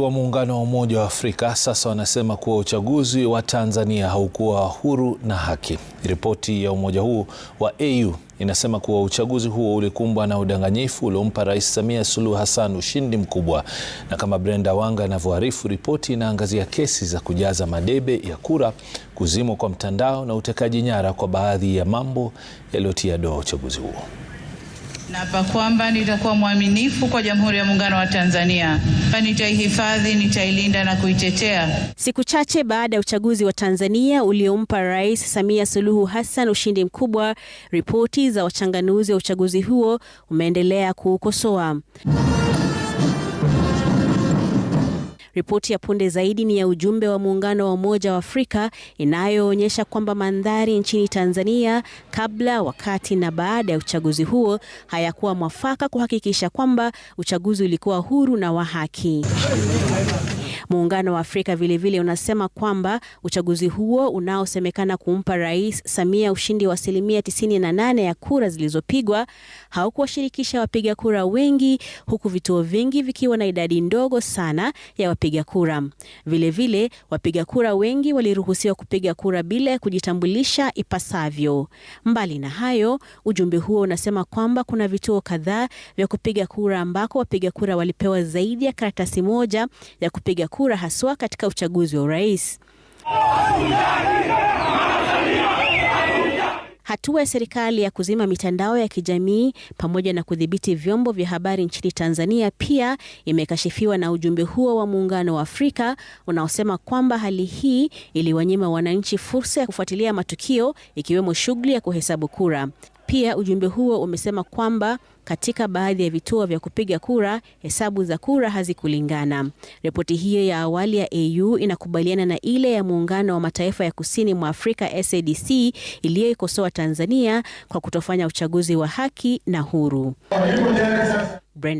wa muungano wa Umoja wa Afrika sasa wanasema kuwa uchaguzi wa Tanzania haukuwa huru na haki. Ripoti ya umoja huo wa AU inasema kuwa uchaguzi huo ulikumbwa na udanganyifu uliompa Rais Samia Suluhu Hassan ushindi mkubwa. Na kama Brenda Wanga anavyoarifu, ripoti inaangazia kesi za kujaza madebe ya kura, kuzimwa kwa mtandao na utekaji nyara kwa baadhi ya mambo yaliyotia doa uchaguzi huo. Naapa kwamba nitakuwa mwaminifu kwa Jamhuri ya Muungano wa Tanzania, nitaihifadhi, nitailinda na kuitetea. Siku chache baada ya uchaguzi wa Tanzania uliompa Rais Samia Suluhu Hassan ushindi mkubwa, ripoti za wachanganuzi wa uchaguzi huo umeendelea kuukosoa. Ripoti ya punde zaidi ni ya ujumbe wa muungano wa Umoja wa Afrika inayoonyesha kwamba mandhari nchini Tanzania kabla, wakati na baada ya uchaguzi huo hayakuwa mwafaka kuhakikisha kwamba uchaguzi ulikuwa huru na wa haki. Muungano wa Afrika vilevile vile unasema kwamba uchaguzi huo unaosemekana kumpa Rais Samia ushindi wa asilimia 98 ya kura zilizopigwa haukuwashirikisha wapiga kura wengi, huku vituo vingi vikiwa na idadi ndogo sana ya wapiga kura. Vilevile wapiga kura wengi waliruhusiwa kupiga kura bila ya kujitambulisha ipasavyo. Mbali na hayo, ujumbe huo unasema kwamba kuna vituo kadhaa vya kupiga kura ambako wapiga kura walipewa zaidi ya karatasi moja ya kupiga kupiga kura haswa katika uchaguzi wa urais. Hatua ya serikali ya kuzima mitandao ya kijamii pamoja na kudhibiti vyombo vya habari nchini Tanzania pia imekashifiwa na ujumbe huo wa Muungano wa Afrika unaosema kwamba hali hii iliwanyima wananchi fursa ya kufuatilia matukio ikiwemo shughuli ya kuhesabu kura. Pia ujumbe huo umesema kwamba katika baadhi ya vituo vya kupiga kura hesabu za kura hazikulingana. Ripoti hiyo ya awali ya AU inakubaliana na ile ya Muungano wa Mataifa ya Kusini mwa Afrika SADC iliyoikosoa Tanzania kwa kutofanya uchaguzi wa haki na huru. Brenda